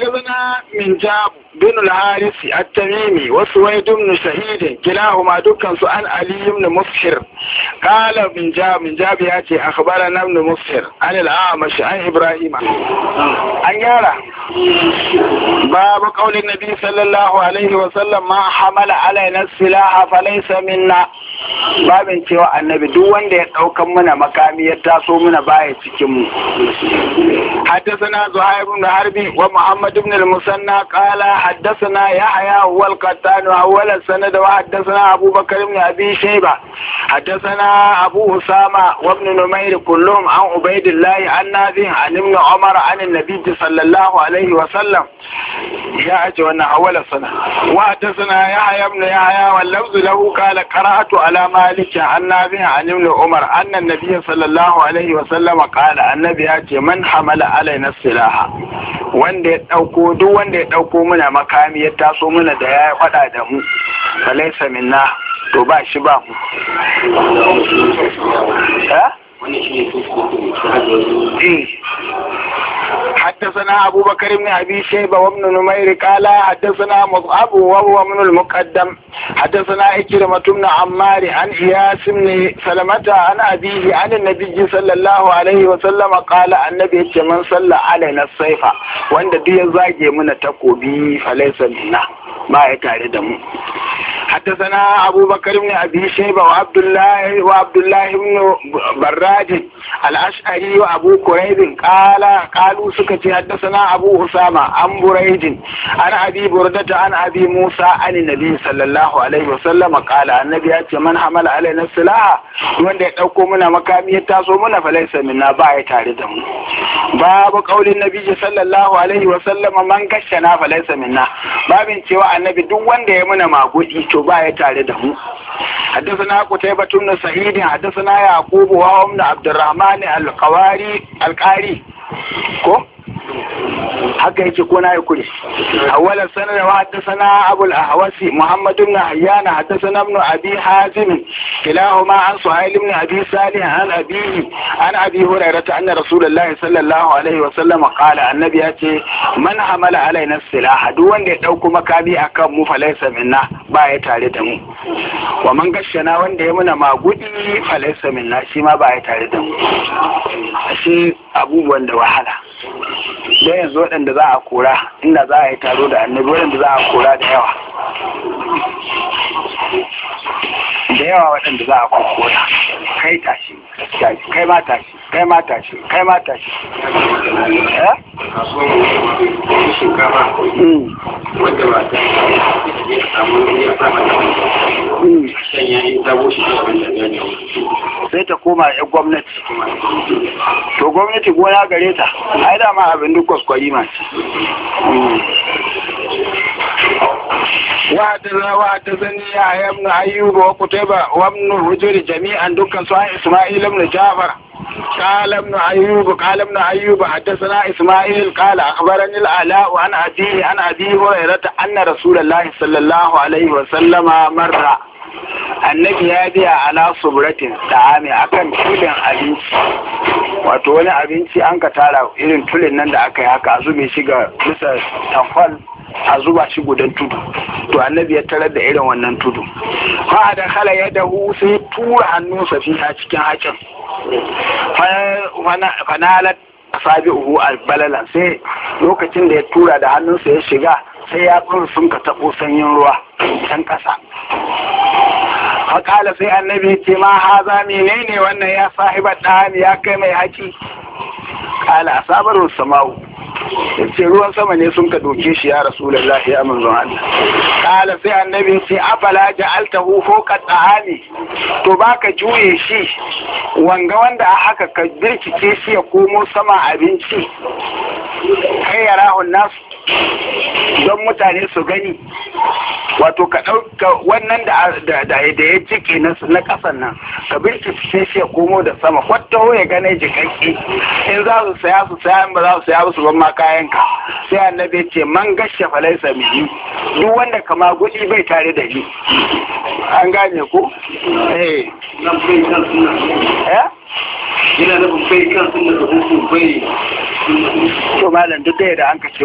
حدثنا من جاب بن الحارث التميمي وسويد بن شهيد كلاهما دكان سؤال علي بن مصحر قال من جاب من جاب ياتي اخبرنا ابن مصحر عن الاعمش عن ابراهيم عن يارا باب قول النبي صلى الله عليه وسلم ما حمل علينا السلاح فليس منا babin cewa annabi duk wanda ya daukan mana makami ya taso mana baya cikin mu haddathana zuhair ibn harbi wa muhammad ibn al-musanna qala haddathana yahya wa al-qattan wa awwal sanad wa haddathana abubakar ibn abi shayba haddathana abu usama wa ibn numair kullum an ubaidillah an nazih an ibn umar an an-nabi sallallahu alayhi wa sallam ya ajiye wannan awala sana wa hadathana yahya ibn yahya wal lafzu lahu kala qara'atu ala malik annabi nabi an ibn umar annan nabiy sallallahu alaihi wa sallama kala annabi ya ce man hamala alaina silaha wanda ya dauko duk wanda ya dauko muna makami ya taso muna da ya fada da mu falaysa minna to ba shi ba mu eh حدثنا أبو بكر بن أبي شيبة وابن نمير قال حدثنا مصعب وهو من المقدم حدثنا إكرمة بن عمار عن إياس بن سلمة عن أبيه عن النبي صلى الله عليه وسلم قال النبي من صلى علينا السيف وأن دي زاجي من تقوبي فليس منا ما يتعرض حدثنا أبو بكر بن أبي شيبة وعبد الله وعبد الله بن براج الأشعري وأبو كريب قال قالوا سكتي حدثنا أبو أسامة عن بريد عن أبي بردة عن أبي موسى عن النبي صلى الله عليه وسلم قال النبي أتى من حمل علينا السلاح وأن يتوقع منا مكامية تاسو منا فليس منا باية تاردم babu kaulin nabi sallallahu alaihi wa sallam man kashana falaysa minna babin cewa annabi duk wanda ya muna magudi to ba ya tare da mu حدثنا قتيبة بن سعيد حدثنا يعقوب وهو ابن عبد الرحمن القواري القاري ko? haka yake ko na yi kure awala sanar wa haddathana abu al-ahwasi muhammad ibn hayyan haddathana ibn abi hazim kilahuma an suhail ibn abi salih an abihi an abi hurairah anna rasulullahi sallallahu alaihi wa sallam qala annabi yace man hamala alaina silah duk wanda ya dauko makami akan mu falaysa minna ba ya tare da mu wa man gashana wanda ya muna magudi falaysa minna shi ma ba ya tare da mu ashe abubuwan da wahala don yanzu waɗanda za a kora inda za a yi taro da annabi waɗanda za a kora da yawa da yawa waɗanda za a kora kai tashi kai ma tashi kai ma tashi kai ma tashi eh? hmm. wanda ba ta sai ta koma ya gwamnati to gwamnati gona gare ta a yi dama abin duk kwaskwari ma wa da zawa da zani ya yam na ayyuru wa wa jami'an dukkan su an Isma'il mnu jafar kalam na ayyubu kalam na isma'il kala akbarani al'ala wa an abi an abi hurairata anna rasulullahi sallallahu alaihi marra annabi ya biya ala subratin ta'ami akan tulin abinci wato wani abinci an ka tara irin tulin nan da aka yi haka a zube shi ga bisa tamfal a zuba shi gudan tudu to annabi ya tarar da irin wannan tudu fa da khala yadahu sai tura hannunsa fi a cikin hakin fa nalat asabi'uhu albalala sai lokacin da ya tura da hannunsa ya shiga sai ya sun ka taɓo sanyin ruwa can ƙasa faƙala sai annabi ce ma haza menene wannan ya sahibar ɗan ya kai mai haƙi ƙala a sabar samawu, ya ce ruwan sama ne sun ka doke shi ya rasulun lafi ya manzon Allah ƙala sai annabi ce afala alta hu fokar ɗahani to baka juye shi wanga wanda a haka ka birkice shi ya komo sama abinci kai ya rahun nasu don mutane su gani wato ka ɗauka wannan da da ya ciki na ƙasan nan ka bincike shi ya komo da sama kwatta ya gane jikakki in za su saya su saya in ba za su saya ba su ban ma kayan ka sai annabi ce man gashe falai samiyi duk wanda kama gudi bai tare da ni an gane ku. eh yana eh? nufin bai kan sunna da hukun bai to malam duk da an kace